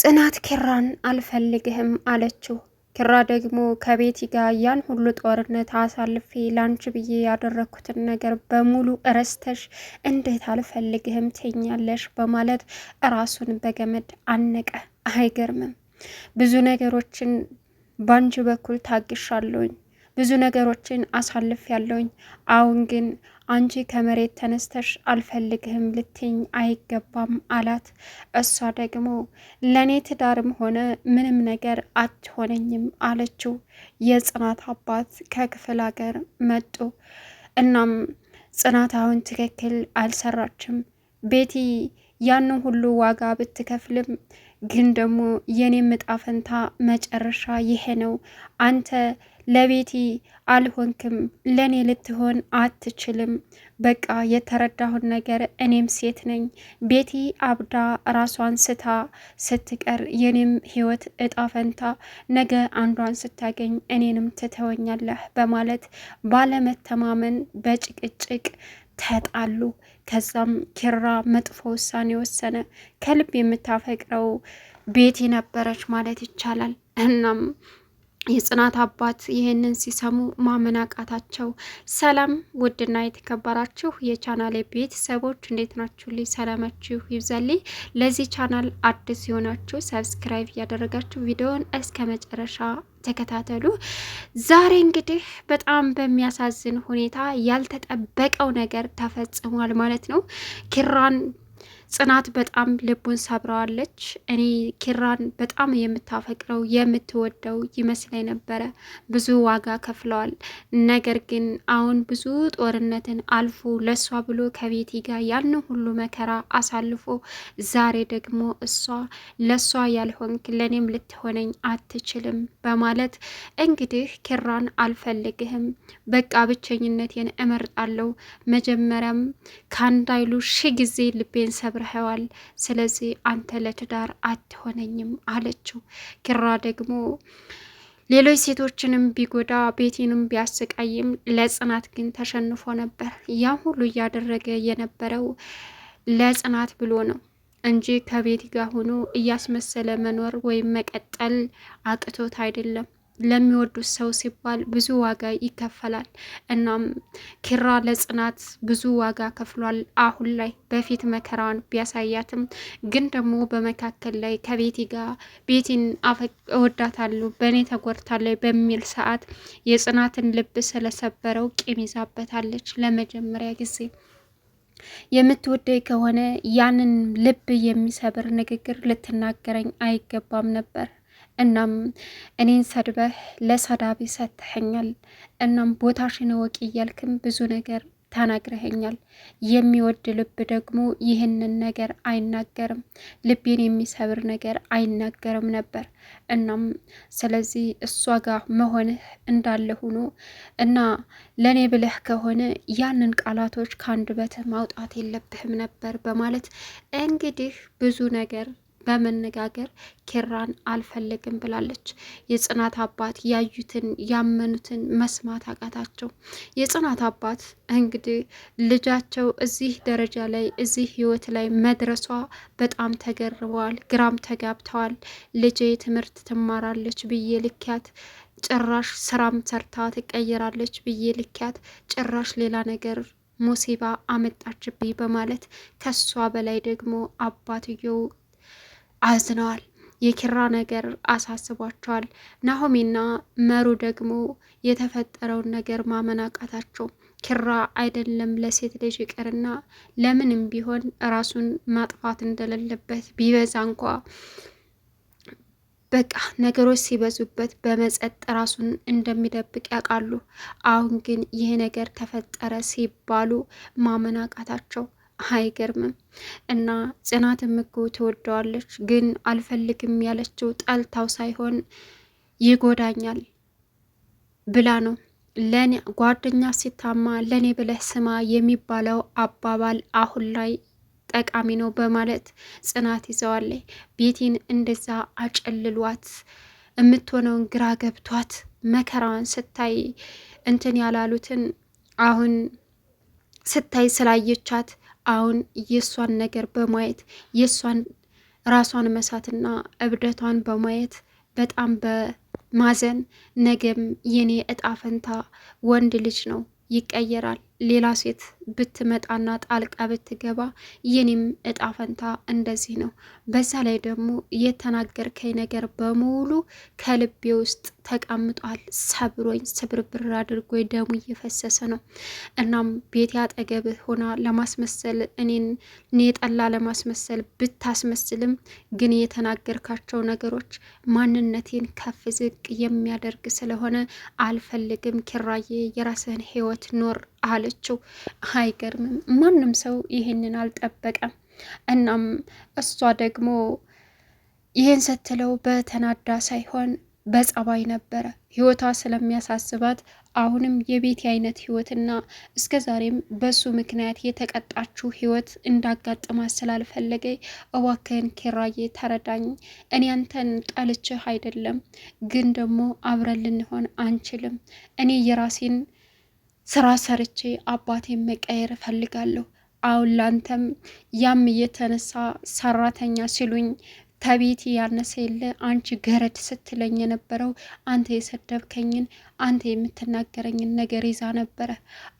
ጽናት ኪራን አልፈልግህም አለችው። ኪራ ደግሞ ከቤቲ ጋር ያን ሁሉ ጦርነት አሳልፌ ላንቺ ብዬ ያደረግኩትን ነገር በሙሉ እረስተሽ እንዴት አልፈልግህም ትኛለሽ በማለት ራሱን በገመድ አነቀ። አይገርምም ብዙ ነገሮችን ባንቺ በኩል ታግሻለሁኝ ብዙ ነገሮችን አሳልፍ ያለውኝ። አሁን ግን አንቺ ከመሬት ተነስተሽ አልፈልግህም ልትኝ አይገባም አላት። እሷ ደግሞ ለእኔ ትዳርም ሆነ ምንም ነገር አትሆነኝም አለችው። የጽናት አባት ከክፍል ሀገር መጡ። እናም ጽናት አሁን ትክክል አልሰራችም ቤቲ ያንን ሁሉ ዋጋ ብትከፍልም ግን ደግሞ የኔም ምጣፈንታ መጨረሻ ይሄ ነው። አንተ ለቤቲ አልሆንክም፣ ለእኔ ልትሆን አትችልም። በቃ የተረዳሁን ነገር እኔም ሴት ነኝ። ቤቲ አብዳ ራሷን ስታ ስትቀር የኔም ህይወት እጣፈንታ ነገ አንዷን ስታገኝ እኔንም ትተወኛለህ በማለት ባለመተማመን በጭቅጭቅ ተጣሉ። ከዛም ኪራ መጥፎ ውሳኔ ወሰነ። ከልብ የምታፈቅረው ቤቲ ነበረች ማለት ይቻላል። እናም የጽናት አባት ይህንን ሲሰሙ ማመን አቃታቸው። ሰላም ውድና የተከበራችሁ የቻናል ቤተሰቦች እንዴት ናችሁ? ልይ ሰላማችሁ ይብዛልኝ። ለዚህ ቻናል አዲስ የሆናችሁ ሰብስክራይብ እያደረጋችሁ ቪዲዮን እስከ መጨረሻ ተከታተሉ። ዛሬ እንግዲህ በጣም በሚያሳዝን ሁኔታ ያልተጠበቀው ነገር ተፈጽሟል ማለት ነው ኪራን ጽናት በጣም ልቡን ሰብረዋለች። እኔ ኪራን በጣም የምታፈቅረው የምትወደው ይመስለኝ ነበረ። ብዙ ዋጋ ከፍለዋል። ነገር ግን አሁን ብዙ ጦርነትን አልፎ ለእሷ ብሎ ከቤቲ ጋር ያን ሁሉ መከራ አሳልፎ ዛሬ ደግሞ እሷ ለእሷ ያልሆንክ ለእኔም ልትሆነኝ አትችልም በማለት እንግዲህ ኪራን አልፈልግህም፣ በቃ ብቸኝነቴን እመርጣለሁ። መጀመሪያም ከአንድ አይሉ ሺ ጊዜ ልቤን ሰብ ሰብርኸዋል። ስለዚህ አንተ ለትዳር አትሆነኝም አለችው። ኪራ ደግሞ ሌሎች ሴቶችንም ቢጎዳ ቤቴንም ቢያሰቃይም ለጽናት ግን ተሸንፎ ነበር። ያም ሁሉ እያደረገ የነበረው ለጽናት ብሎ ነው እንጂ ከቤት ጋር ሆኖ እያስመሰለ መኖር ወይም መቀጠል አቅቶት አይደለም። ለሚወዱት ሰው ሲባል ብዙ ዋጋ ይከፈላል። እናም ኪራ ለጽናት ብዙ ዋጋ ከፍሏል። አሁን ላይ በፊት መከራን ቢያሳያትም ግን ደግሞ በመካከል ላይ ከቤቲ ጋር ቤቲን እወዳታለሁ፣ በእኔ ተጎድታለች በሚል ሰዓት የጽናትን ልብ ስለሰበረው ቂም ይዛበታለች ለመጀመሪያ ጊዜ የምትወደኝ ከሆነ ያንን ልብ የሚሰብር ንግግር ልትናገረኝ አይገባም ነበር እናም እኔን ሰድበህ ለሰዳቢ ሰጥተኸኛል። እናም ቦታሽን እወቂ እያልክም ብዙ ነገር ተናግረኸኛል። የሚወድ ልብ ደግሞ ይህንን ነገር አይናገርም፣ ልቤን የሚሰብር ነገር አይናገርም ነበር። እናም ስለዚህ እሷ ጋር መሆንህ እንዳለ ሆኖ እና ለእኔ ብለህ ከሆነ ያንን ቃላቶች ከአንድ በትህ ማውጣት የለብህም ነበር በማለት እንግዲህ ብዙ ነገር በመነጋገር ኪራን አልፈለግም ብላለች። የጽናት አባት ያዩትን ያመኑትን መስማት አቃታቸው። የጽናት አባት እንግዲህ ልጃቸው እዚህ ደረጃ ላይ እዚህ ህይወት ላይ መድረሷ በጣም ተገርበዋል፣ ግራም ተጋብተዋል። ልጄ ትምህርት ትማራለች ብዬ ልኪያት ጭራሽ ስራም ሰርታ ትቀየራለች ብዬ ልኪያት ጭራሽ ሌላ ነገር ሙሲባ አመጣችብኝ በማለት ከሷ በላይ ደግሞ አባትየው አዝነዋል። የኪራ ነገር አሳስቧቸዋል። ናሆሚና መሩ ደግሞ የተፈጠረውን ነገር ማመን አቃታቸው። ኪራ አይደለም ለሴት ልጅ ይቅርና ለምንም ቢሆን ራሱን ማጥፋት እንደሌለበት ቢበዛ እንኳ በቃ ነገሮች ሲበዙበት በመጸጥ ራሱን እንደሚደብቅ ያውቃሉ። አሁን ግን ይሄ ነገር ተፈጠረ ሲባሉ ማመን አቃታቸው። አይገርምም። እና ጽናትም እኮ ትወደዋለች፣ ግን አልፈልግም ያለችው ጠልታው ሳይሆን ይጎዳኛል ብላ ነው። ለኔ ጓደኛ ሲታማ ለኔ ብለህ ስማ የሚባለው አባባል አሁን ላይ ጠቃሚ ነው በማለት ጽናት ይዘዋለች። ቤቲን እንደዛ አጨልሏት የምትሆነውን ግራ ገብቷት መከራዋን ስታይ እንትን ያላሉትን አሁን ስታይ ስላየቻት አሁን የእሷን ነገር በማየት የእሷን ራሷን መሳትና እብደቷን በማየት በጣም በማዘን ነገም የኔ እጣ ፈንታ ወንድ ልጅ ነው ይቀየራል ሌላ ሴት ብትመጣና ጣልቃ ብትገባ የኔም እጣ ፈንታ እንደዚህ ነው። በዛ ላይ ደግሞ የተናገርከኝ ነገር በሙሉ ከልቤ ውስጥ ተቀምጧል። ሰብሮኝ ስብርብር አድርጎ ደሙ እየፈሰሰ ነው። እናም ቤቴ አጠገብህ ሆና ለማስመሰል እኔን ኔጠላ ለማስመሰል ብታስመስልም ግን የተናገርካቸው ነገሮች ማንነቴን ከፍ ዝቅ የሚያደርግ ስለሆነ አልፈልግም። ኪራዬ የራስህን ህይወት ኖር አለችው። አይገርምም፣ ማንም ሰው ይህንን አልጠበቀም። እናም እሷ ደግሞ ይህን ስትለው በተናዳ ሳይሆን በጸባይ ነበረ። ህይወቷ ስለሚያሳስባት አሁንም የቤት አይነት ህይወትና እስከ ዛሬም በሱ ምክንያት የተቀጣችው ህይወት እንዳጋጥማ ስላልፈለገ እዋክህን ኪራዬ ተረዳኝ፣ እኔ አንተን ጠልችህ አይደለም፣ ግን ደግሞ አብረን ልንሆን አንችልም። እኔ የራሴን ስራ ሰርቼ አባቴን መቀየር እፈልጋለሁ። አሁን ላንተም ያም እየተነሳ ሰራተኛ ሲሉኝ ከቤት ያነሰ የለ አንቺ ገረድ ስትለኝ የነበረው አንተ የሰደብከኝን አንተ የምትናገረኝን ነገር ይዛ ነበረ።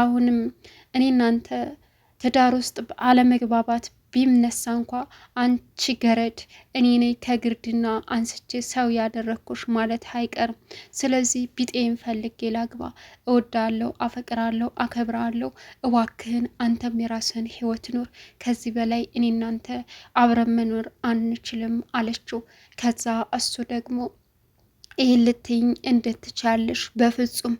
አሁንም እኔ እናንተ ትዳር ውስጥ አለመግባባት ቢምነሳ እንኳ አንቺ ገረድ እኔ ነኝ ከግርድና አንስቼ ሰው ያደረግኩሽ ማለት አይቀርም። ስለዚህ ቢጤን ፈልጌ ላግባ። እወዳለሁ፣ አፈቅራለሁ፣ አከብራለሁ። እባክህን አንተም የራስህን ህይወት ኑር። ከዚህ በላይ እኔ እናንተ አብረን መኖር አንችልም አለችው። ከዛ እሱ ደግሞ ይህን ልትይኝ እንድትቻለሽ በፍጹም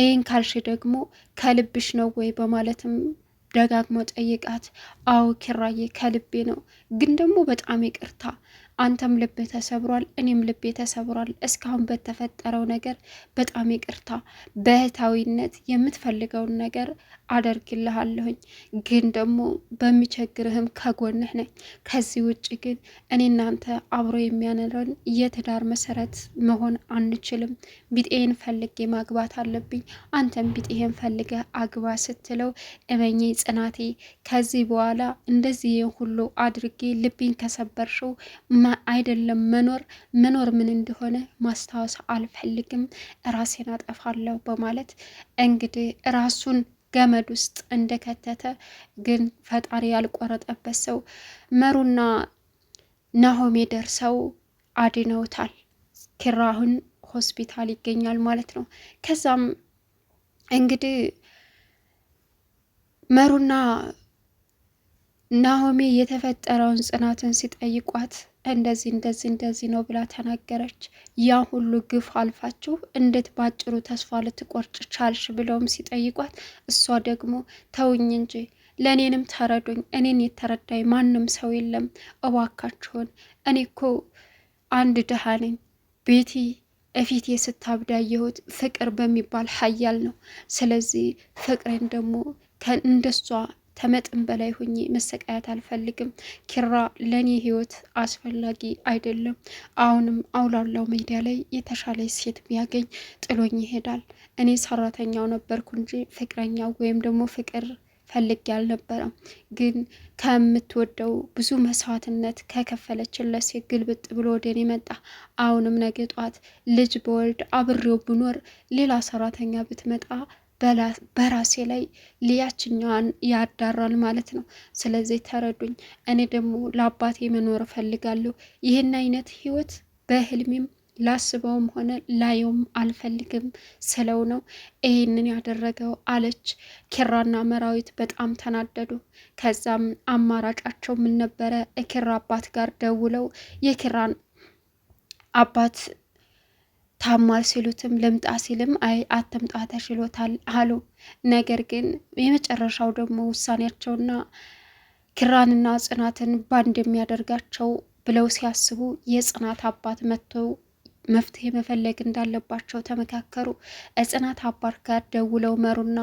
ይህን ካልሽ ደግሞ ከልብሽ ነው ወይ በማለትም ደጋግሞ ጠይቃት። አዎ ኪራዬ ከልቤ ነው፣ ግን ደግሞ በጣም ይቅርታ አንተም ልብ ተሰብሯል፣ እኔም ልቤ ተሰብሯል። እስካሁን በተፈጠረው ነገር በጣም ይቅርታ። በእህታዊነት የምትፈልገውን ነገር አደርግልሃለሁኝ፣ ግን ደግሞ በሚቸግርህም ከጎንህ ነኝ። ከዚህ ውጭ ግን እኔ እናንተ አብሮ የሚያኖረን የትዳር መሰረት መሆን አንችልም። ቢጤን ፈልጌ ማግባት አለብኝ፣ አንተም ቢጤህን ፈልገህ አግባ ስትለው እመኜ ጽናቴ፣ ከዚህ በኋላ እንደዚህ ሁሉ አድርጌ ልቤን ከሰበርሽው አይደለም መኖር መኖር ምን እንደሆነ ማስታወስ አልፈልግም፣ ራሴን አጠፋለሁ በማለት እንግዲህ ራሱን ገመድ ውስጥ እንደከተተ ግን ፈጣሪ ያልቆረጠበት ሰው መሩና ናሆሜ ደርሰው አድነውታል። ኪራ አሁን ሆስፒታል ይገኛል ማለት ነው። ከዛም እንግዲህ መሩና ናሆሜ የተፈጠረውን ጽናትን ሲጠይቋት እንደዚህ እንደዚህ እንደዚህ ነው ብላ ተናገረች። ያ ሁሉ ግፍ አልፋችሁ እንዴት ባጭሩ ተስፋ ልትቆርጭ ቻልሽ? ብለውም ሲጠይቋት እሷ ደግሞ ተውኝ እንጂ ለእኔንም ተረዱኝ፣ እኔን የተረዳኝ ማንም ሰው የለም፣ እባካችሁን። እኔ እኮ አንድ ድሃ ነኝ። ቤቲ እፊቴ ስታብዳየሁት ፍቅር በሚባል ሀያል ነው። ስለዚህ ፍቅሬን ደግሞ እንደሷ ተመጥን በላይ ሁኝ መሰቃየት አልፈልግም። ኪራ ለእኔ ህይወት አስፈላጊ አይደለም። አሁንም አውላላው ሜዳ ላይ የተሻለ ሴት ቢያገኝ ጥሎኝ ይሄዳል። እኔ ሰራተኛው ነበርኩ እንጂ ፍቅረኛ ወይም ደግሞ ፍቅር ፈልጌ አልነበረም። ግን ከምትወደው ብዙ መስዋዕትነት ከከፈለችለት ሴት ግልብጥ ብሎ ወደኔ መጣ። አሁንም ነገ ጧት ልጅ በወልድ አብሬው ብኖር ሌላ ሰራተኛ ብትመጣ በራሴ ላይ ልያችኛዋን ያዳራል ማለት ነው። ስለዚህ ተረዱኝ። እኔ ደግሞ ለአባቴ መኖር እፈልጋለሁ። ይህን አይነት ህይወት በህልሜም ላስበውም ሆነ ላየውም አልፈልግም ስለው ነው ይህንን ያደረገው አለች። ኪራና መራዊት በጣም ተናደዱ። ከዛም አማራጫቸው ምን ነበረ? ኪራ አባት ጋር ደውለው የኪራን አባት ታሟል ሲሉትም ልምጣ ሲልም አይ አትምጣ ተሽሎታል አሉ። ነገር ግን የመጨረሻው ደግሞ ውሳኔያቸውና ኪራንና ጽናትን ባንድ የሚያደርጋቸው ብለው ሲያስቡ የጽናት አባት መጥቶ መፍትሄ መፈለግ እንዳለባቸው ተመካከሩ። ጽናት አባት ጋር ደውለው መሩና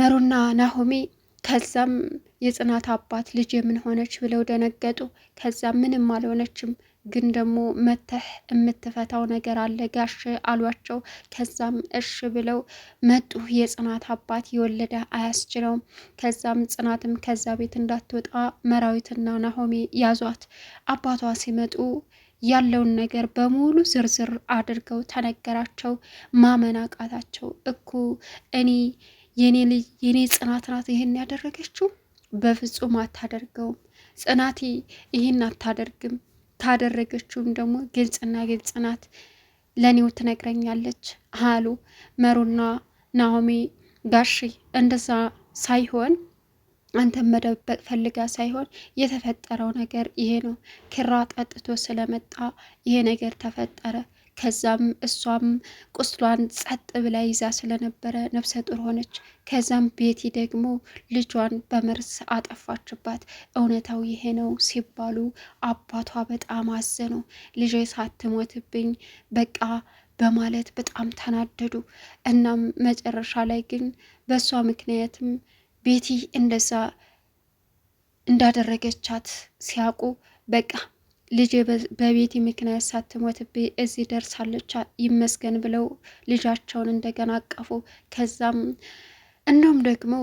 መሩና ናሆሜ ከዛም የጽናት አባት ልጅ የምን ሆነች ብለው ደነገጡ። ከዛም ምንም አልሆነችም ግን ደግሞ መተህ የምትፈታው ነገር አለ ጋሽ አሏቸው። ከዛም እሽ ብለው መጡ። የጽናት አባት የወለደ አያስችለውም። ከዛም ጽናትም ከዛ ቤት እንዳትወጣ መራዊትና ናሆሜ ያዟት። አባቷ ሲመጡ ያለውን ነገር በሙሉ ዝርዝር አድርገው ተነገራቸው። ማመን አቃታቸው። እኮ እኔ የኔ ልጅ የኔ ጽናት ናት ይህን ያደረገችው? በፍጹም አታደርገውም ጽናቴ፣ ይህን አታደርግም ታደረገችውም ደግሞ ግልጽና ግልጽ ናት። ለኔው ትነግረኛለች አሉ መሩና ናሆሚ ጋሺ እንደዛ ሳይሆን አንተ መደበቅ ፈልጋ ሳይሆን የተፈጠረው ነገር ይሄ ነው። ክራ ጠጥቶ ስለመጣ ይሄ ነገር ተፈጠረ። ከዛም እሷም ቁስሏን ጸጥ ብላ ይዛ ስለነበረ ነፍሰ ጡር ሆነች። ከዛም ቤቲ ደግሞ ልጇን በመርዝ አጠፋችባት። እውነታው ይሄ ነው ሲባሉ አባቷ በጣም አዘኑ። ልጄ ሳትሞትብኝ በቃ በማለት በጣም ተናደዱ። እናም መጨረሻ ላይ ግን በእሷ ምክንያትም ቤቲ እንደዛ እንዳደረገቻት ሲያውቁ በቃ ልጄ በቤቴ ምክንያት ሳትሞትብኝ እዚህ ደርሳለች ይመስገን ብለው ልጃቸውን እንደገና አቀፉ። ከዛም እነውም ደግሞ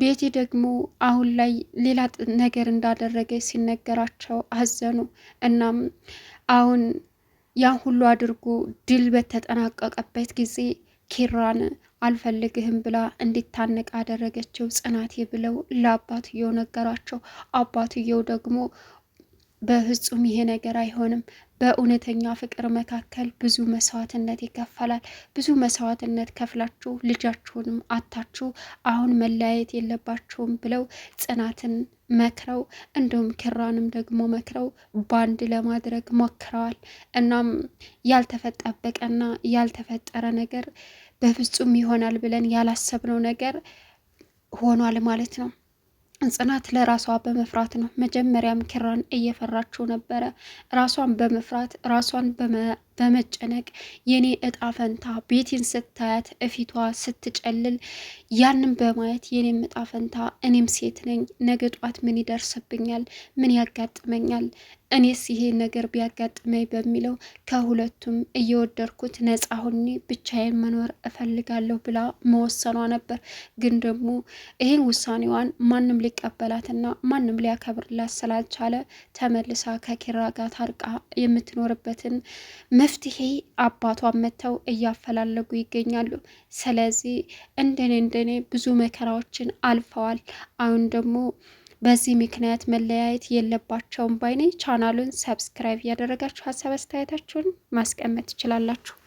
ቤቲ ደግሞ አሁን ላይ ሌላ ነገር እንዳደረገች ሲነገራቸው አዘኑ። እናም አሁን ያን ሁሉ አድርጎ ድል በተጠናቀቀበት ጊዜ ኪራን አልፈልግህም ብላ እንዲታነቅ አደረገችው ጽናቴ ብለው ለአባትየው ነገራቸው። አባትየው ደግሞ በፍጹም ይሄ ነገር አይሆንም። በእውነተኛ ፍቅር መካከል ብዙ መስዋዕትነት ይከፈላል። ብዙ መስዋዕትነት ከፍላችሁ ልጃችሁንም አታችሁ አሁን መለያየት የለባችሁም ብለው ጽናትን መክረው እንዲሁም ኪራንም ደግሞ መክረው ባንድ ለማድረግ ሞክረዋል። እናም ያልተፈጠበቀና ያልተፈጠረ ነገር በፍጹም ይሆናል ብለን ያላሰብነው ነገር ሆኗል ማለት ነው። ጽናት ለራሷ በመፍራት ነው። መጀመሪያም ኪራን እየፈራችው ነበረ። ራሷን በመፍራት ራሷን በመጨነቅ የኔ እጣ ፈንታ ቤቴን ስታያት እፊቷ ስትጨልል ያንም በማየት የኔም እጣ ፈንታ እኔም ሴት ነኝ፣ ነገ ጧት ምን ይደርስብኛል? ምን ያጋጥመኛል? እኔስ ይሄ ነገር ቢያጋጥመኝ በሚለው ከሁለቱም እየወደድኩት ነፃ ሆኜ ብቻዬን መኖር እፈልጋለሁ ብላ መወሰኗ ነበር። ግን ደግሞ ይህን ውሳኔዋን ማንም ሊቀበላትና ማንም ሊያከብርላት ስላልቻለ ተመልሳ ከኪራ ጋር ታርቃ የምትኖርበትን መፍትሄ አባቷን መጥተው እያፈላለጉ ይገኛሉ። ስለዚህ እንደኔ እንደኔ ብዙ መከራዎችን አልፈዋል። አሁን ደግሞ በዚህ ምክንያት መለያየት የለባቸውም ባይኔ። ቻናሉን ሰብስክራይብ እያደረጋችሁ ሀሳብ አስተያየታችሁን ማስቀመጥ ትችላላችሁ።